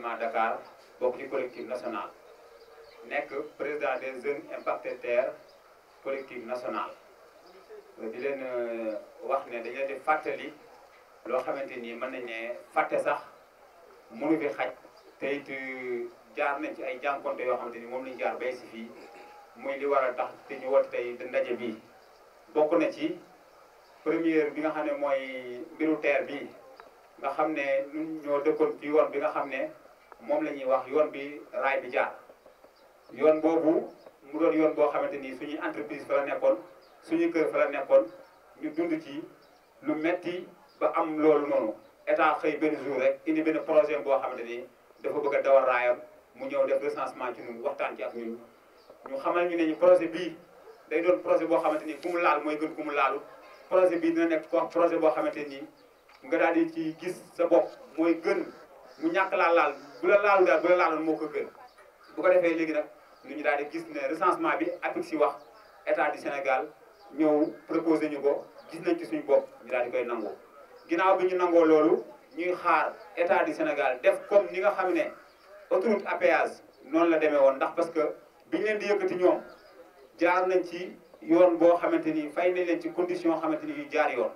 ma Dakar bokk ci collectif national nekk président des jeunes impactés terre collectif national euh, di leen euh, wax ne dañ leen di loo xamante ni mën nañ ne fàtte sax mënu fi xaj tey euh, jaar nañ ci ay jànkonte yoo xamante ni moom lañ jaar bay si fii muy li war a tax te ñu woote tey ndaje bi bokk na ci première bi nga xam ne mooy mbiru terre bi nga xam ne ñun ñoo dëkkoon ci yoon bi nga xam ne moom la ñuy wax yoon bi raay bi jaar yoon boobu mu doon yoon boo xamante ni suñu entreprise fa la nekkoon suñu kër fa la nekkoon ñu dund ci lu metti ba am loolu noonu état xëy benn jour rek indi benn projet boo xamante ni dafa bëgg a dawal raayam mu ñëw def recensement ci ñun waxtaan ci ak ñun ñu xamal ñu ne ñu projet bii day doon projet boo xamante ni ku mu laal mooy gën ku mu laalu projet bii dina nekk ko projet boo xamante nii nga daal di ci gis sa bopp mooy gën mu ñàkk laa laal bu la laalul la moo ko gën bu ko defee léegi nag lu ñu daal di gis ne recensement bi APIX si wax état du Sénégal ñëw proposé ñu ko gis nañ ci suñu bopp ñu daal koy nangoo. ginnaaw bi ñu nangoo loolu ñuy xaar état du Sénégal def comme ni nga xam ne autoroute à péage noonu la demee woon ndax parce que biñ leen di yëkkati ñoom jaar nañ ci yoon boo xamante ni fay nañ leen ci condition xamante ni yu jaar yoon.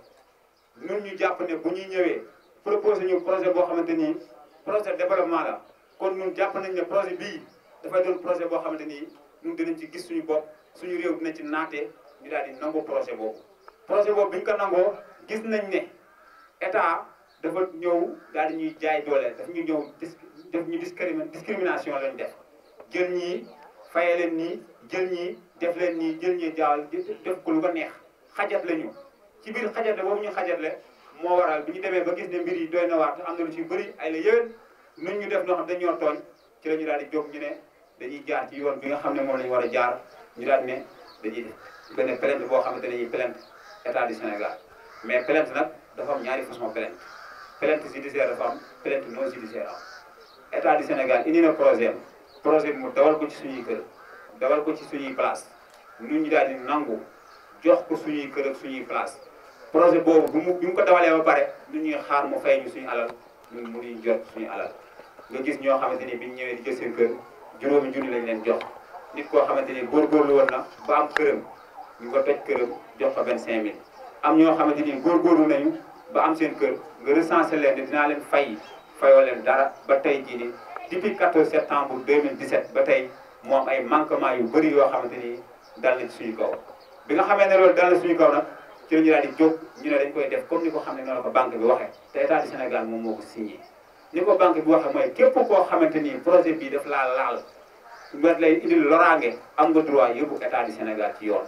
ñun ñu jàpp ne bu ñuy ñëwee proposé ñu projet boo xamante ni. projet développement la kon ñun jàpp nañ ne projet bii dafay doon projet boo xamante ni ñun dinañ ci gis suñu bopp suñu réew dina ci naatee ñu daal di nangu projet boobu. projet boobu bi ñu ko nangoo gis nañ ne état dafa ñëw daal di ñuy jaay doole daf ñu ñëw dis daf ñu discrimination lañ def jël ñii fayee leen nii jël ñii def leen nii jël ñii jaawal def ko lu neex xajat la ñu ci biir xajat la boobu ñu xajat la. moo waral bi ñu demee ba gis ne mbir yi doy na waar am na lu ci bëri ay la yéwén nun ñu def noo dañu dañoo tooñ ci la ñu daal di jóg ñu ne dañuy ci yoon bi nga xam ne moom la war a jaar ñu daal ne dañuy benn plainte boo xamante ne dañuy plainte état du Sénégal mais plainte nag dafa ñaari façon plainte plainte judiciaire dafa am plainte non état du Sénégal indi na projet projet mu dawal ko dawal ko ci suñuy place ñun ñu daal di nangu jox ko suñuy kër ak suñuy place projet boobu bu bi mu ko dawalee ba pare lu ñuy xaar mu fay ñu suñu alal mu mënuñu jot suñu alal nga gis ñoo xamante ni biñ ñëwee di jël seen kër juróomi junni lañ leen jot nit koo xamante góor góorgóorlu woon na ba am këram ñu ko toj këram jox ko 25000 am ñoo xamante ni góorgóorlu nañu ba am seen kër nga recensé leen ne dinaa leen fay fayoo leen dara ba tey jii nii depuis 14 septembre 2017 ba tey moom ay manquement yu bëri yoo xamante ni dal na ci suñu kaw nga xamee ne loolu dal na suñu te ñu daal di jóg ñu ne dañ koy def comme ni ko xam ne noonu la ko banque bi waxee te état du Sénégal moom moo ko signé ni ko banque bi waxee mooy képp koo xamante ni projet bii def laa laal nga lay indil loraange am nga droit yóbbu état du Sénégal ci yoon.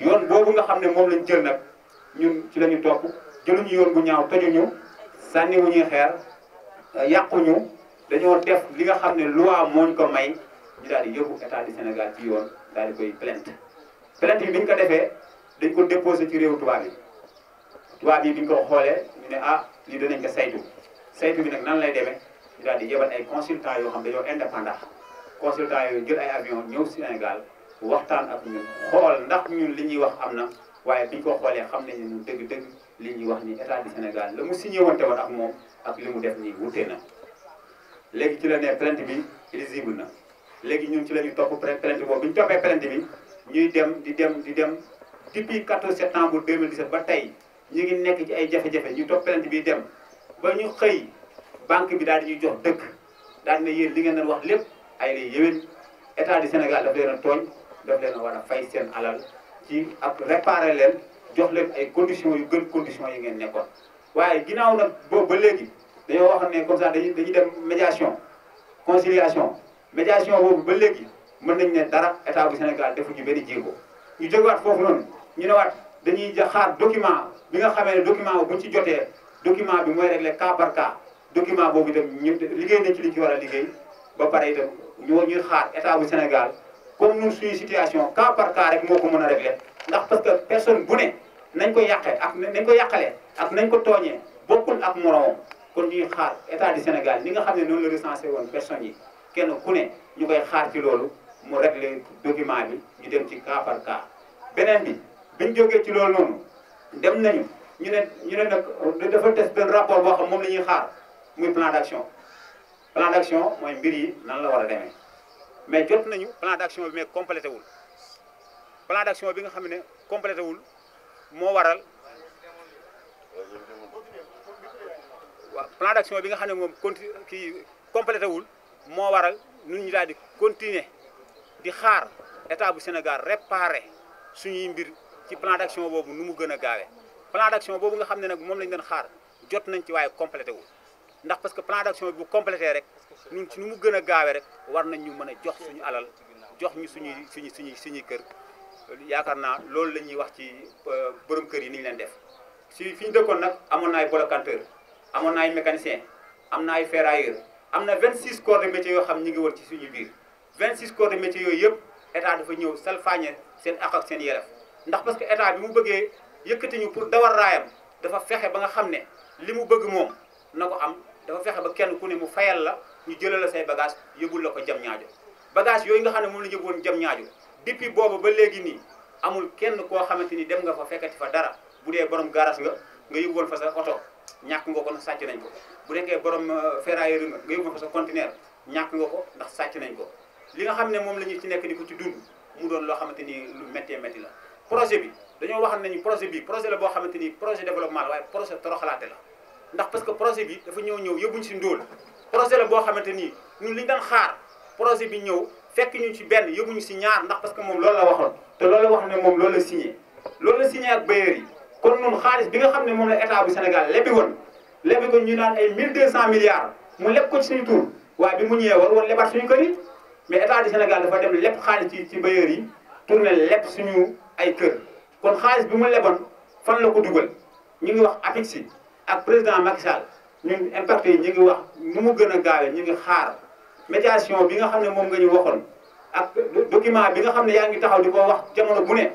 yoon boobu nga xam ne moom lañ jël nag ñun ci la ñu topp yoon bu ñaaw tojuñu sànniwuñuy xeer yàquñu dañoo def li nga xam ne loi mooñ ko may ñu daal di yóbbu état du Sénégal ci yoon daal di koy plainte plainte bi ñu ko defee. dañ ko déposé ci réew tubaab yi tubaab yi bi ñu ko xoolee ñu ne ah lii danañ ko saytu saytu bi nag nan lay demee ñu daal di yebal ay consultant yoo xam dañoo indépendant consultant yooyu jël ay avion ñëw Sénégal waxtaan ak ñun xool ndax ñun li ñuy wax am na waaye bi ñu ko xoolee xam nañu ne dëgg-dëgg li ñuy wax ni état du Sénégal la mu signé wante woon ak moom ak li mu def ni wute na léegi ci la ne plainte bi éligible na léegi ñun ci la ñu topp plainte boobu bi ñu toppee plainte bi ñuy dem di dem di dem depuis 14 septembre 2017 ba tey ñu ngi nekk ci ay jafe-jafe ñu topp plainte bi dem ba ñu xëy banque bi daal di ñuy jox dëkk daal di ne li ngeen doon wax lépp ay lay yéwén état du Sénégal daf leen a tooñ daf leen a war a fay seen alal ci ak réparer leen jox leen ay conditions yu gën conditions yi ngeen nekkoon. waaye ginnaaw nag boobu ba léegi dañoo wax ne comme ça dañu dañuy dem médiation conciliation médiation boobu ba léegi mën nañ ne dara état bu Sénégal defuñu benn jéego ñu jógewaat foofu noonu. ñu ne waat dañuy xaar document bi nga xamee ne document bu ñu ci jotee document bi mooy réglé cas par document boobu itam ñu liggéey nañ ci liñ ci war a liggéey ba pare itam ñoo ñuy xaar état bu Sénégal comme ñun suñu situation cas par cas rek ko mën a réglé ndax que personne bu ne nañ ko yàqee ak nañ ko yàqalee ak nañ ko tooñee bokkul ak moromam kon ñuy xaar état du Sénégal ni nga xam ne noonu la recensé woon personnes yi kenn ku ne ñu koy xaar ci loolu mu réglé document bi ñu dem ci cas par cas beneen bi biñ jógee ci loolu noonu dem nañu ñu ne ñu ne nag dafa des benn rapport boo xam moom la ñuy xaar muy plan d' action plan d' mooy mbir yi nan la war a demee mais jot nañu plan d' action bi wul plan d' bi nga xam ne complété wul moo waral waaw plan bi nga xam ne moom conti kii complété wul moo waral ñun ñu daal di continuer di xaar état bu Sénégal réparé suñuy mbir. ci plan d' boobu nu mu gën a gaawee plan d' boobu nga xam ne nag moom lañu doon xaar jot nañ ci waaye complété wu ndax parce que plan d' action bi bu complété rek ñun ci nu mu gën a gaawee rek war nañ ñu mën a jox suñu alal jox ñu suñu suñu suñuy suñu kër yaakaar naa loolu la ñuy wax ci euh, borom kër yi ni leen def si fi ñu dëkkoon nag amoon na ay brocanteur amoon na ay am na ay ferrailleur am na 26 corps de métier yoo xam ñu ngi woon ci suñu biir 26 corps de métier yooyu yëpp état dafa ñëw salfaañe seen àq ak seen yelef ndax parce que état bi mu bëggee yëkkati ñu pour dawal raayam dafa fexe ba nga xam ne li mu bëgg moom na ko am dafa fexe ba kenn ku ne mu fayal la ñu jëlal la say bagage yóbbul la ko jam ñaajo bagage yooyu nga xam ne moom la yóbbuwoon jam ñaajo depuis boobu ba léegi nii amul kenn koo xamante ni dem nga fa fekkati fa dara bu dee borom garage nga nga yóbbuwoon fa sa oto ñàkk nga ko ndax nañ ko bu nekkee borom euh, ferrailleur nga nga yóbbuwoon fa ñàkk nga ko ndax nañ ko li nga xam ne moom la ñu ci nekk di ko ci dund mu doon loo xamante ni lu méttee métti la projet bi dañoo wax na nañu projet bi projet la boo xamante ni projet développement la waaye projet toroxalaate la ndax parce que projet bi dafa ñëw ñëw yóbbuñ si ndóol projet la boo xamante ni ñun li ñu daan xaar projet bi ñëw fekk ñu ci benn ñu si ñaar ndax parce que moom loolu la waxoon te loolu la wax ne moom loolu la signé loolu la signé ak bailleurs yi kon ñun xaalis bi nga xam ne moom la état bu Sénégal lebi woon lebi ko ñu naan ay 1200 milliards mu leb ko ci suñu tur waaye bi mu ñëwee war woon lebaat suñu kër yi mais état du Sénégal dafa dem leb ay kër kon xaalis bi mu leboon fan la ko dugal ñu ngi wax APEXI ak président Macky Sall ñun impacté yi ñu ngi wax nu mu gën a gaawee ñu ngi xaar médiation bi nga xam ne moom nga ñu waxoon ak document bi nga xam ne yaa ngi taxaw di ko wax jamono bu ne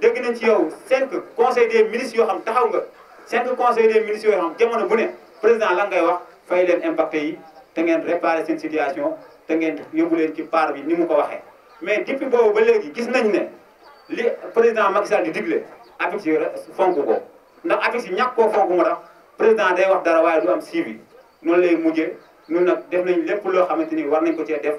dégg nañ ci yow cinq conseil des ministres yoo xam taxaw nga cinq conseil des ministres yoo xam jamono bu ne président lan ngay wax fay leen impacté yi te ngeen réparé seen situation te ngeen yóbbu leen ci part bi ni mu ko waxee mais depuis boobu gis nañ ne li président Macky Sall di digle APEX yi fonk ko ndax APEX yi ñàkk koo fonk moo tax président wax dara waaye du am suivi noonu lay mujjee ñun nag def nañ lépp loo xamante ni war nañ ko cee def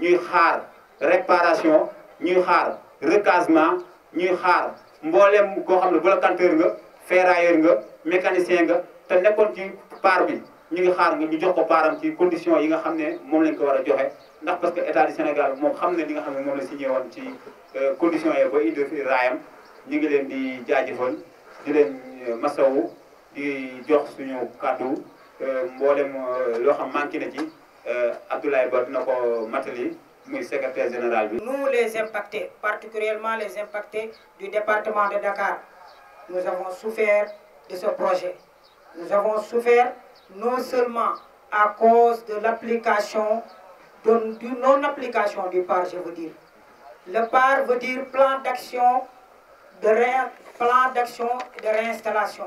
ñuy xaar réparation ñuy xaar recasement ñuy xaar mboolem koo xam ne blocanteur nga ferrailleur nga mécanicien nga te nekkoon ci part bi ñu ngi xaar nga ñu jox ko paaram ci condition yi nga xam ne moom lañ ko war a joxe ndax parce que état du Sénégal moom xam ne li nga xam ne moom la signé woon ci Euh, condition yi ba indi raayam ñu ngi leen di jaajëfal di leen euh, masawu di jox suñu kàddu euh, mboolem loo xam manqué na ci Abdoulaye Ba dina ko matali muy secrétaire général bi. nous les impactés particulièrement les impactés du département de Dakar nous souffert de ce projet nous avons souffert non seulement à cause de l'application de, non application du PAR je veux dire. Le PAR veut dire plan d'action de, ré... plan de réinstallation.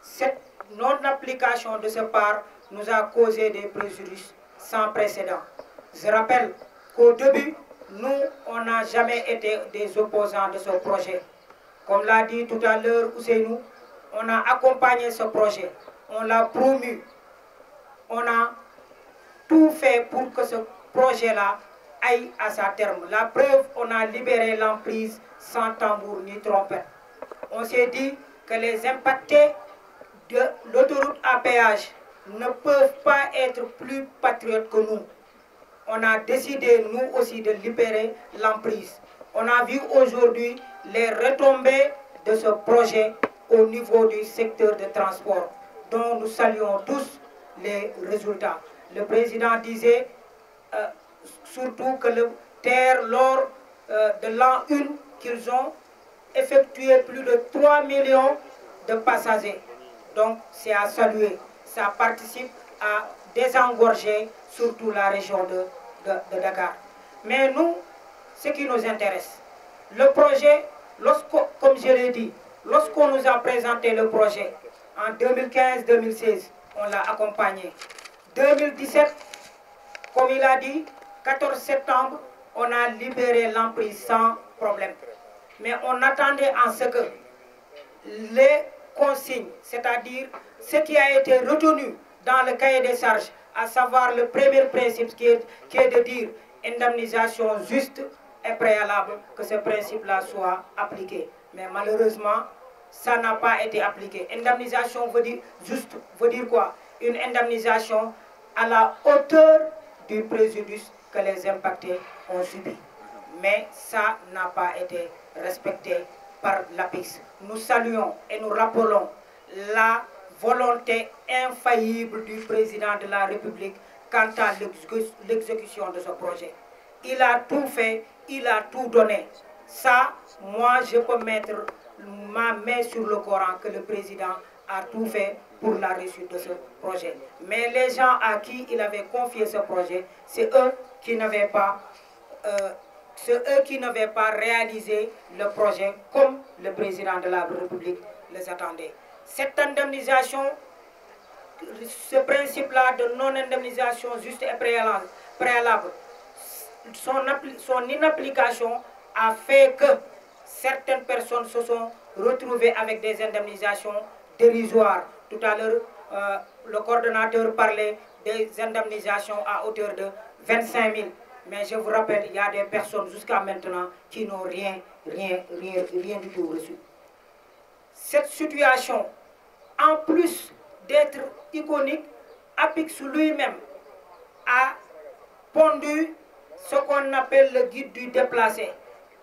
Cette non-application de ce PAR nous a causé des préjudices sans précédent. Je rappelle qu'au début, nous, on n'a jamais été des opposants de ce projet. Comme l'a dit tout à l'heure Ousseinou, on a accompagné ce projet, on l'a tout fait pour que ce projet-là ay à sa terme. La preuve, on a libéré l'emprise sans tambour ni trompette. On s'est dit que les impactés de l'autoroute à péage ne peuvent pas être plus patriotes que nous. On a décidé, nous aussi, de libérer l'emprise. On a vu aujourd'hui les retombées de ce projet au niveau du secteur de transport, dont nous saluons tous les résultats. Le président disait... Euh, surtout que le terre lors euh, de l'an 1 qu'ils ont effectué plus de 3 millions de passagers. Donc c'est à saluer. Ça participe à désengorger surtout la région de, de, de Mais nous, ce qui nous intéresse, projet, lorsque, comme je l'ai dit, lorsqu'on nous a le projet en 2015-2016, on l'a accompagné. 2017, comme il a 14 septembre, on a libéré l'emprise sans problème. Mais on attendait en ce que les consignes, c'est-à-dire ce qui a été retenu dans le cahier des charges, à savoir le premier principe qui est, qui de dire indemnisation juste et préalable, que ce principe-là soit appliqué. Mais malheureusement, ça n'a pas été appliqué. Indemnisation veut juste, veut dire quoi Une indemnisation à la hauteur du préjudice que les impactés ont subi. Mais ça n'a pas été respecté par l'APIX. Nous saluons et nous rappelons la volonté infaillible du président de la République quant à l'exécution de ce projet. Il a tout fait, il a tout donné. Ça, moi, je peux mettre ma main sur le Coran que le président a tout fait pour la réussite de ce projet. Mais les gens à qui il avait confié ce projet, c'est eux qui n'avaient pas, euh, ceux qui n'avaient pas réalisé le projet comme le président de la République les attendait. Cette indemnisation, ce principe-là de non-indemnisation juste et préalable, son, son inapplication a fait que certaines personnes se sont retrouvées avec des indemnisations dérisoires. Tout à l'heure, euh, le coordonnateur parlait des indemnisations à hauteur de 25 000. Mais je vous rappelle, il y a des personnes jusqu'à maintenant qui n'ont rien, rien, rien, rien du tout reçu. Cette situation, en plus d'être iconique, Apix lui-même a pondu ce qu'on appelle le guide du déplacé.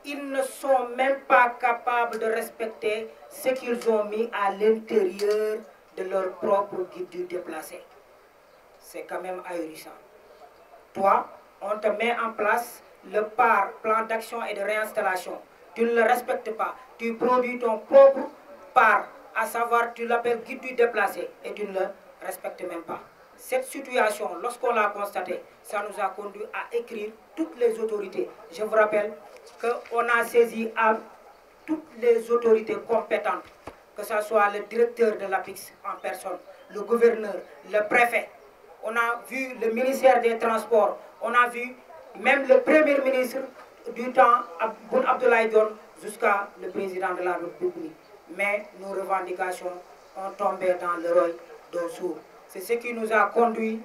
Ils ne sont même pas capables de respecter ce qu'ils ont mis à l'intérieur de leur propre guide du déplacé. C'est quand même ahurissant. Toi, on te met en place le PAR, plan d'action et de réinstallation. Tu ne le respectes pas. Tu produis ton propre PAR, à savoir tu l'appelles guide du déplacé et tu ne le respectes même pas. Cette situation, lorsqu'on l'a constatée, ça nous a conduit à écrire toutes les autorités. Je vous rappelle qu'on a saisi à toutes les autorités compétentes, que ce soit le directeur de l'APIX en personne, le gouverneur, le préfet, on a vu le ministère des Transports, on a vu même le Premier ministre du temps, Boun Abdoulaye Dior, jusqu'à le président de la République. Mais nos revendications ont tombé dans le l'œil d'un sourd. C'est ce qui nous a conduit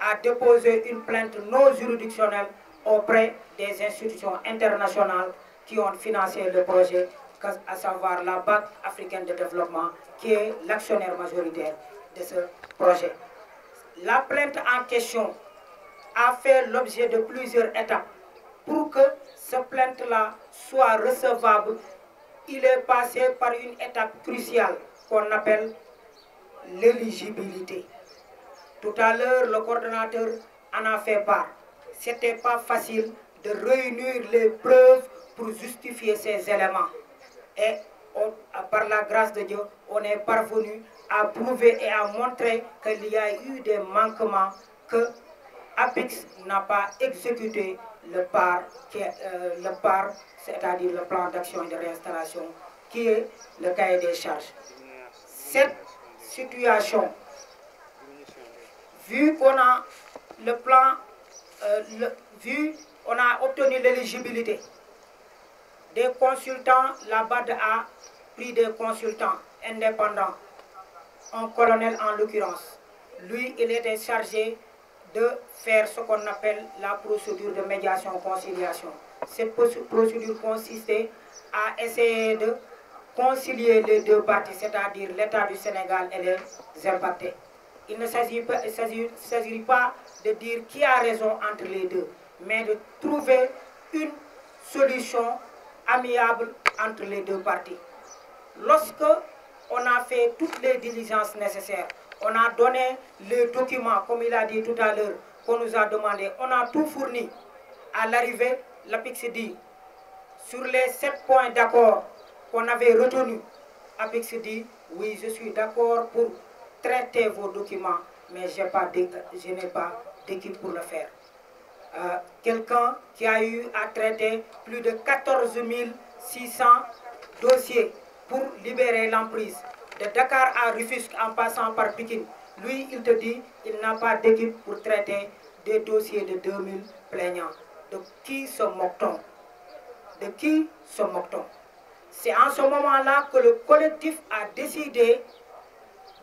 à déposer une plainte non juridictionnelle auprès des institutions internationales qui ont financé le projet, à savoir la Banque africaine de développement, qui est l'actionnaire majoritaire de ce projet. La plainte en question a fait l'objet de plusieurs étapes. Pour que cette plainte-là soit recevable, il est passé par une étape cruciale qu'on appelle l'éligibilité. Tout à l'heure, le coordonnateur en a fait part. C'était pas facile de réunir les preuves pour justifier ces éléments. Et par la grâce de Dieu, on est parvenu à prouver et à montrer qu'il y a eu des manquements, que Apex n'a pas exécuté le PAR, euh, le PAR c'est-à-dire le plan d'action et de réinstallation, qui est le cahier des charges. Cette situation, vu qu'on a le plan, euh, le, vu on a obtenu l'éligibilité des consultants, la BAD a pris des consultants indépendants un colonel en l'occurrence. Lui, il était chargé de faire ce qu'on appelle la procédure de médiation-conciliation. Cette procédure consistait à essayer de concilier les deux parties, c'est-à-dire l'État du Sénégal et les impactés. Il ne s'agit pas, pas de dire qui a raison entre les deux, mais de trouver une solution amiable entre les deux parties. Lorsque on a fait toutes les diligences nécessaires. On a donné le document, comme il a dit tout à l'heure, qu'on nous a demandé. On a tout fourni. À l'arrivée, l'APIX dit, sur les sept points d'accord qu'on avait retenus, APIX dit, oui, je suis d'accord pour traiter vos documents, mais je n'ai pas d'équipe pour le faire. Euh, Quelqu'un qui a eu à traiter plus de dossiers pour libérer l'emprise. De Dakar à Rufusque en passant par Pékin, lui, il te dit il n'a pas d'équipe pour traiter des dossiers de 2000 plaignants. De qui se moque-t-on C'est en ce moment-là que le collectif a décidé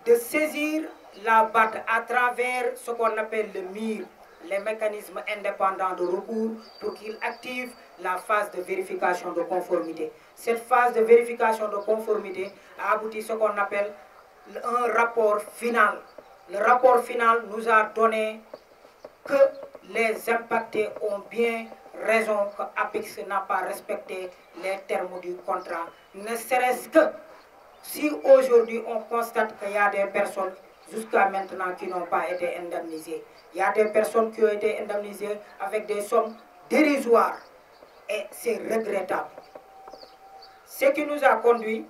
de saisir la BAT à travers ce qu'on appelle le MIR, les mécanismes indépendant de recours, pour qu'il active la phase de vérification de conformité. Cette phase de vérification de conformité a abouti ce qu'on appelle un rapport final. Le rapport final nous a donné que les impactés ont bien raison que Apex n'a pas respecté les termes du contrat. Ne serait-ce que si aujourd'hui on constate qu'il y a des personnes jusqu'à maintenant qui n'ont pas été indemnisées, il y a des personnes qui ont été indemnisées avec des sommes dérisoires et c'est regrettable. Ce qui nous a conduit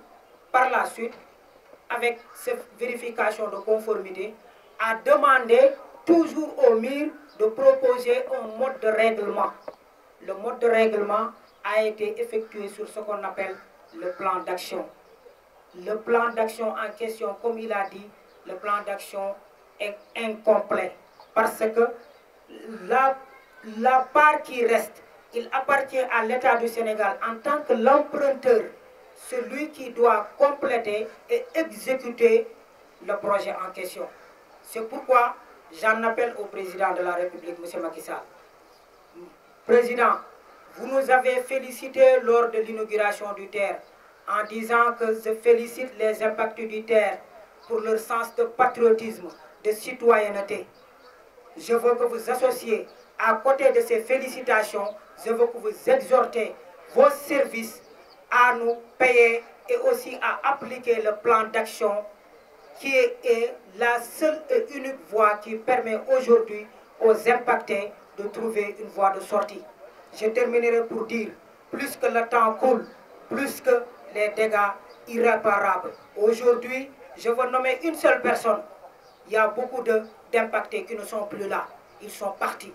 par la suite, avec cette vérification de conformité, à demander toujours au MIR de proposer un mode de règlement. Le mode de règlement a été effectué sur ce qu'on appelle le plan d'action. Le plan d'action en question, comme il a dit, le plan d'action est incomplet parce que la part qui reste il appartient à l'État du Sénégal en tant que l'emprunteur, celui qui doit compléter et exécuter le projet en question. C'est pourquoi j'en appelle au président de la République, M. Macky Sall. Président, vous nous avez félicité lors de l'inauguration du terre en disant que je félicite les impacts du terre pour leur sens de patriotisme, de citoyenneté. Je veux que vous associez à côté de ces félicitations, je veux que vous exhortez vos services à nous payer et aussi à appliquer le plan d'action qui est la seule et unique voie qui permet aujourd'hui aux impactés de trouver une voie de sortie. Je terminerai pour dire, plus que le temps coule, plus que les dégâts irréparables. Aujourd'hui, je veux nommer une seule personne. Il y a beaucoup d'impactés qui ne sont plus là. Ils sont partis.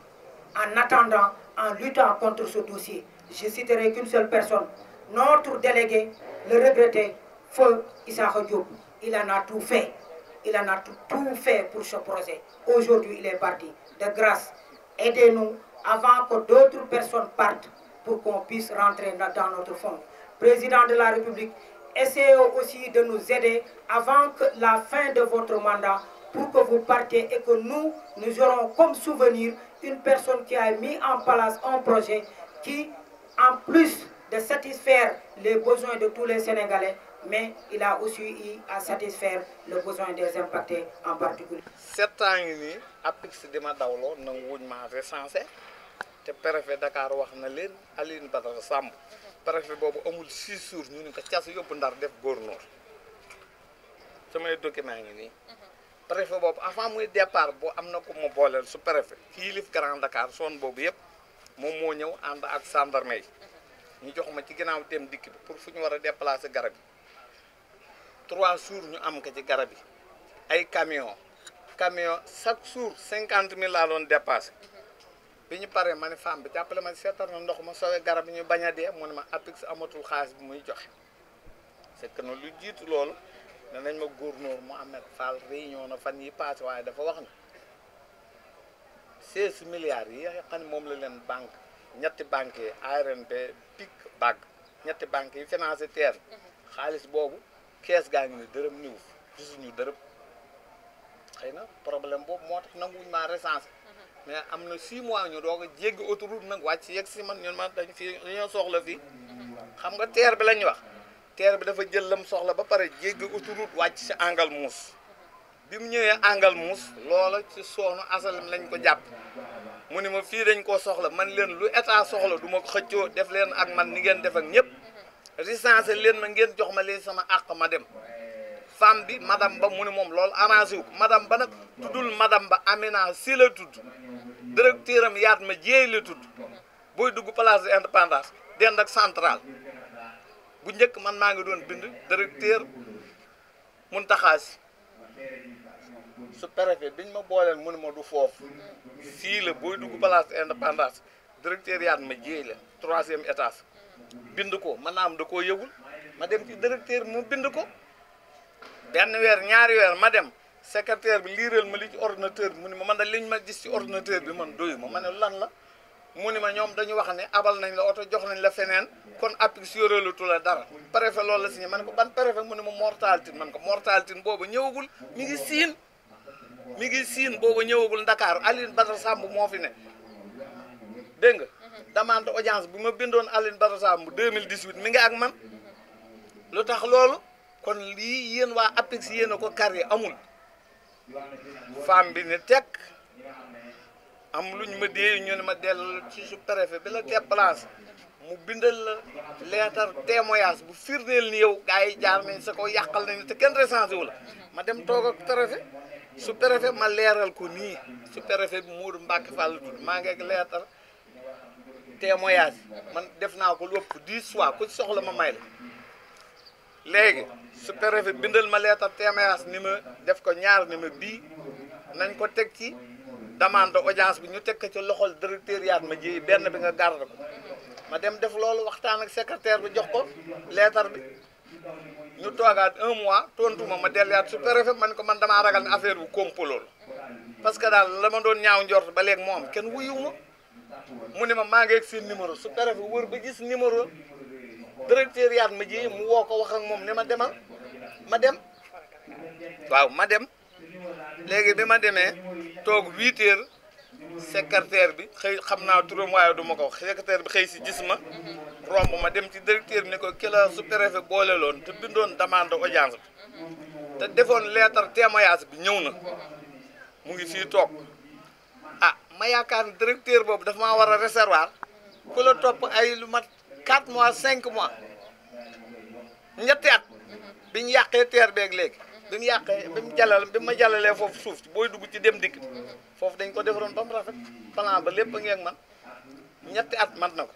en attendant, en luttant contre ce dossier. Je citerai qu'une seule personne, notre délégué, le regretté, Feu Issa Il en a tout fait. Il en a tout, fait pour ce projet. Aujourd'hui, il est parti. De grâce, aidez-nous avant que d'autres personnes partent pour qu'on puisse rentrer dans notre fonds. Président de la République, essayez aussi de nous aider avant que la fin de votre mandat pour que vous partiez et que nous, nous aurons comme souvenir une personne qui a mis en place un projet qui, en plus de satisfaire les besoins de tous les Sénégalais, mais il a aussi à satisfaire le besoin des impactés en particulier. sept ans ngi nii APIX di ma dawloo nanguwuñ ma recensé te préfet Dakar wax na leen Aline Badara Samb préfet boobu amul six jours ñu ne ko cas yóbbu ndar def góor noor samay document ngi nii préfet boobu avant muy départ bu am na ko mu booleel su préfet kii lif Grand Dakar zone boobu yëpp moom moo ñëw ànd ak gendarme yi ñu jox ma ci ginnaaw dem dikk bi pour fu ñu war a déplacer garab yi trois jours ñu am ko ci garab yi ay camion camion chaque jour cinquante mille laa doon dépassé bi ñu paree ma ne femme bi jàppale ma seetal na ndox ma soowee garab yi ñu bañ a dee mu ne ma apix amatul xaalis bi muy joxe c'est noonu lu jiitu loolu ne nañ ma góor gouverneur Mouhamed Fall réunion na fan yi passé waaye dafa wax ni seize milliards yi nga xam moom la leen banque ñetti banques yi ARMP PIC BAG ñetti banques yi financé terre xaalis boobu kees gaa ngi ne dërëm niw gisuñu dërëm xëy na problème boobu moo tax nanguwuñ maa recensé mais am na six mois ñu doog a jéggi autoroute nag wàcc yegg si man ñun man dañ fii dañoo soxla fii xam nga terre bi lañuy wax teer bi dafa jël lam soxla ba pare jéggi autoroute wàcc si angal muus bi mu ñëwee angal muus loola ci soxna asalam lañ ko jàpp mu ni ma fii dañ koo soxla man leen lu état soxla du ma ko xëccoo def leen ak man ni ngeen def ak ñëpp recensé leen ma ngeen jox ma leen sama àq ma dem femme bi madame ba mu ne moom loolu arrangé wu ko madame ba nag tuddul madame ba Amina si la tudd directeur am yaat ma jéey la tudd booy dugg place de l'indépendance dend ak central bu njëkk man maa ngi doon bind directeur mun taxaas su préfet biñ ma booleel mënu ma du foofu sii la booy dugg place indépendance directeur yaat ma jéey la troisième étage bind ko man naa am da koo yëgul ma dem ci directeur mu bind ko benn weer ñaari weer ma dem secrétaire bi liiral ma li ci ordinateur bi mu ne ma man da leen ma gis ci ordinateur bi man doyu ma ma a lan la mu ni ma ñoom dañu wax ne abal nañ la oto jox nañ la feneen kon APIX yorelatu la dara préfet loolu la signé man ko ban préfet mu ne ma mortalité man ko mortalité boobu ñëwagul mi ngi siin mi ngi siin boobu ñëwagul ndakaar Aline Badara Samb moo fi ne dégg nga demande audience bi ma bindoon Aline Badara Samb 2018 mi ngi ak man lu tax loolu kon lii yéen waa APIX yéen a ko yi amul femme bi ni tekk am lu ñu ma dee ñu ne ma dellu ci su préfet bi la déplacé mu bindal la leetar témoignage bu firndeel ni yow gars yi jaar nañ sa ko yàqal nañ te kenn recensé wu la ma dem toog ak préfet su préfet ma leeral ko nii su préfet bi Modou Mbacke Fall tudd maa ngi ak leetar témoignage man def naa ko lu ëpp di fois ku ci soxla ma may la léegi bindal ma leetar témoignage ni ma def ko ñaar ni ma bii nañ ko teg ci demande audience bi ñu teg ko ci loxol directeur yaat ma ji benn bi nga garde ko ma dem def loolu waxtaan ak secretaire bi jox ko leetar bi ñu toogaat un mois tontu ma ma delluwaat su préfet man ko man damaa ragal ne affaire bu complot la parce que daal la ma doon ñaaw njort ba léegi moom kenn wuyu ma mu ne ma maa ngi ak seen numéro su préfet wër ba gis numéro directeur yaat ma ji mu woo ko wax ak moom ne ma demal ma dem waaw ma dem léegi bi ma demee. toog huit heures secrétaire bi xëy xam naa turam waaye duma ko wax bi xëy si gis ma romb ma dem ci directeur bi ne ko ki la sous-préfet boole loon te bindoon demande audience bi te defoon lettre témoignage bi ñëw na mu ngi fii toog ah ma yaakaar ne directeur boobu dafa maa war a réservoir ku la topp ay lu mat quatre mois cinq mois ñetti at biñu yàqee teer beeg léegi bi mu yàqee bi mu jàllale ma jàllalee foofu suuf booy dugg ci dem dikk foofu dañ ko defaroon ba mu rafet plan ba lépp ngeen man ñetti at mat na ko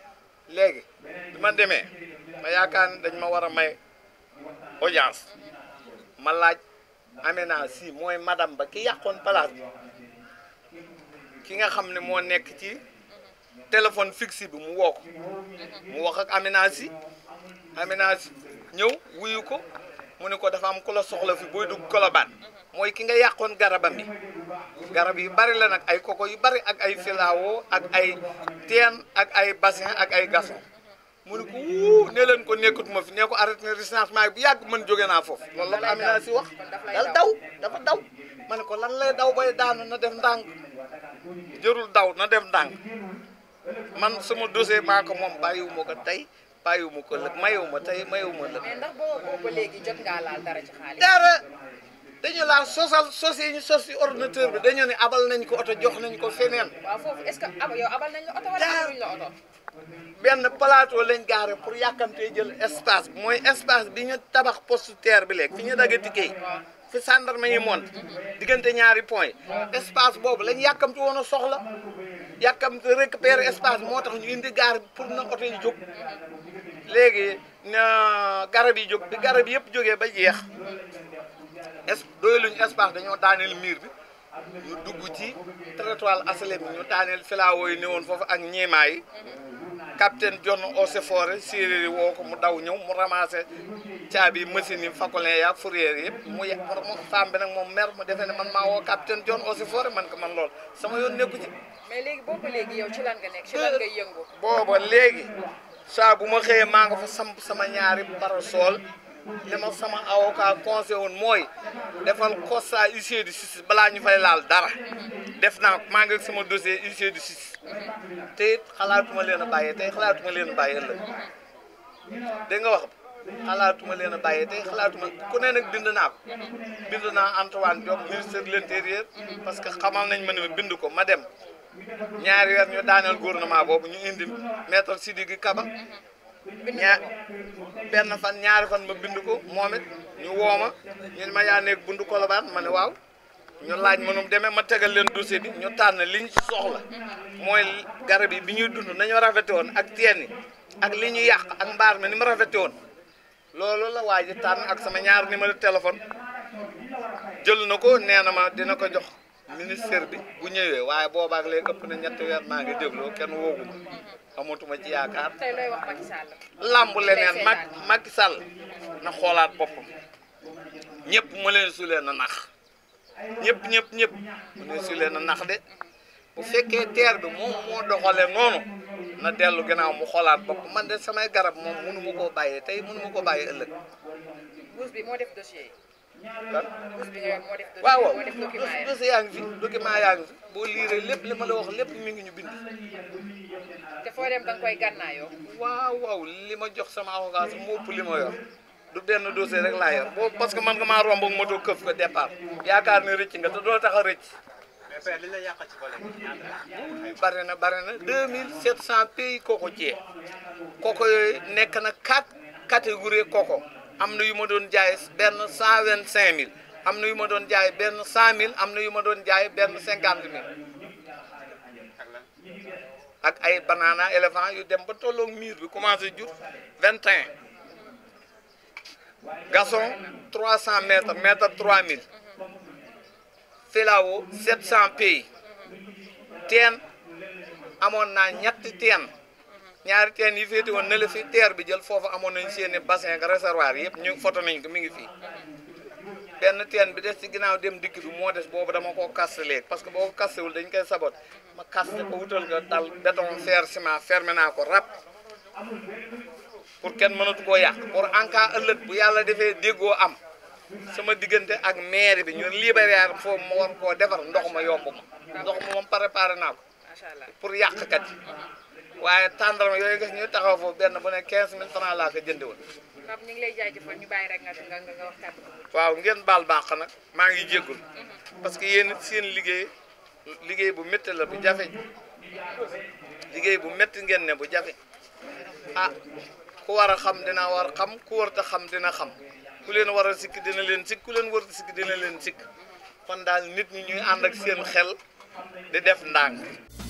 léegi bi ma demee ma yaakaar ne ma war a may audience ma laaj Amina si mooy madame ba ki yàqoon place ki nga xam ne moo nekk ci téléphone fixe bi mu woo mu wax ak Amina si Amina si ñëw wuyu ko mu ne ko dafa am ku soxla fi booy dugg kolobaan mooy ki nga yàqoon garabam yi garab yu bari la nag ay koko yu bari ak ay filao ak ay teen ak ay bassin ak ay gason mu ne ko wuu ne leen ko nekkut fi ne ko arrêté recensement yi bu yàgg mën jóge naa foofu loolu la ko Amina si wax dal daw dafa daw ma ne ko lan lay daw bay daanu na def ndànk jërul daw na def ndànk man sama dossier maa ko moom bàyyiwu ma ko tey bàyyiwu ma ko ëllëg mayewu ma tey mayewu ma ëllëg. ndax boobu ba léegi jot ngaa laal dara ci xaalis. dañu laal sosal sos yi ñu sos si ordinateur bi dañoo ne abal nañ ko oto jox nañ ko feneen. waaw foofu est-ce que yow abal nañ la oto wala abaluñ la oto. benn plateau lañ gaare pour yàkkamtee jël espace mooy espace bi ñu tabax poste terre bi léegi fi ñu dagg tikkee fi gendarme yi mont diggante ñaari point espace boobu lañ yàkkamti woon a soxla yàkkamti récupérer espace moo tax ñu indi gaar pour na oto yi jóg léegi na garab yi jóg bi garab yëpp jógee ba jeex es doyaluñu espace dañoo daaneel miir bi ñu dugg ci trottoir aslem ñu daaneel filaawo yi ne woon foofu ak ñeemaa yi capitaine John Osefore séeréer yi woo ko mu daw ñëw mu ramassé caabi machine yi faculin yaak fourrière yëpp mu yà bi nag moom mer mu defee ne man maa woo capitaine John Osefore man ko man lool sama yoon nekku ci. mais léegi boobu léegi yow ci lan nga nekk ci lan ngay yëngu. booba léegi. saa bu ma xëyee maa nga fa samp sama ñaari parasol ne ma sama avocat conseil woon mooy defal constat huissier de justice balaa ñu fay laal dara def naa maa ngi sama dossier huissier de justice te it xalaatuma leen a bàyyee tey xalaatuma leen a bàyyee ëllëg dégg nga wax xalaatuma leen a bàyyee tey xalaatuma ku ne nag bind naa ko bind naa Antoine Diome ministre de parce que xamal nañ ma ne bind ko ma dem ñaari weer ñu daaneel gouvernement boobu ñu indi di Sidiki Kaba ñaar benn fan ñaari fan ma bind ko moom it ñu wooma ñu ma yaa nekk bundu Colobane ma ne waaw ñu laaj ma nu deme ma tegal leen dossier bi ñu tànn li ñu ci mooy garab yi bi ñuy dund nañu rafete woon ak teen yi ak li ñu yàq ak mbaar mi ni mu rafete woon loolu la waa ji tànn ak sama ñaar numéro téléphone jël na ko nee na ma dina ko jox ministère bi bu ñëwee waaye boobaak léegi ëpp na ñetti weer maa ngi dégloo kenn wooguma amatuma ci yaakaar tey looy wax Macky Sall làmb mag Macky na xoolaat boppam ñëpp mu leen sulee na nax ñëpp ñëpp ñëpp mu leen sulee na nax de bu fekkee teer bi moom moo doxalee noonu na dellu gannaaw mu xoolaat bopp man de samay garab moom mënu ma koo bàyyee tey mënu ma koo bàyyee ëllëg. bi moo def dossier waaw waaw dossier yaa ngi fi document yaa ngi fi boo liiree lépp li ma la wax lépp mi ngi ñu bind. te foo dem da koy gànnaayoo. waaw waaw li ma jox sama avocat moo ëpp li ma yor du benn dossier rek laa yor boo parce que man nga maa romb ak moto këf ko départ yaakaar ne rëcc nga te doo tax a rëcc. mais père li la yàqal ci bari na bari na 2700 pays koko jee koko yooyu nekk na 4 catégories koko. am na yu ma doon jaay benn cent vingt cinq mille am na yu ma doon jaay benn cent mille am na yu ma doon jaay benn cinquante ak ay banana éléphant yu dem ba tolloog mur bi commencé jur vingt et un garçon trois cent mètres mètre trois mille filao sept cent pays teen amoon na ñett teen ñaari teen yi féete woon na la fi teer bi jël foofu amoon nañ seeni bassin ak réservoir yëpp ñu foto nañ ko mi ngi benn teen bi des ci ginnaaw dem dikk bi moo des boobu dama koo kaste léegi parce que boo ko kastewul dañ koy sabot ma kaste ko wutal nga dal béton fer ciment fermé naa ko rap pour kenn mënatu koo yàq pour en cas ëllëg bu yàlla defee déggoo am sama diggante ak maire bi ñu libéré foofu ma war koo defar ndox ma yokku ma ndox ma naa ko pour yàqkat yi waaye tàndarma yooyu nga ñu taxaw foofu benn bu ne 15000 francs laa ko jëndee woon. Pape ñu ngi lay jaajëfal ñu bàyyi rek nga nga nga waaw ngeen baal baax na maa ngi jéggul mhm. parce que yéen seen liggéey liggéey bu métti la bu jafe liggéey bu métti ngeen ne bu jafe ah ku war a xam dina war xam ku warta xam dina xam ku leen war a sikk dina leen sikk leen warta sikki dina leen sikk kon daal nit ñi ñuy ànd ak seen xel di def ndànk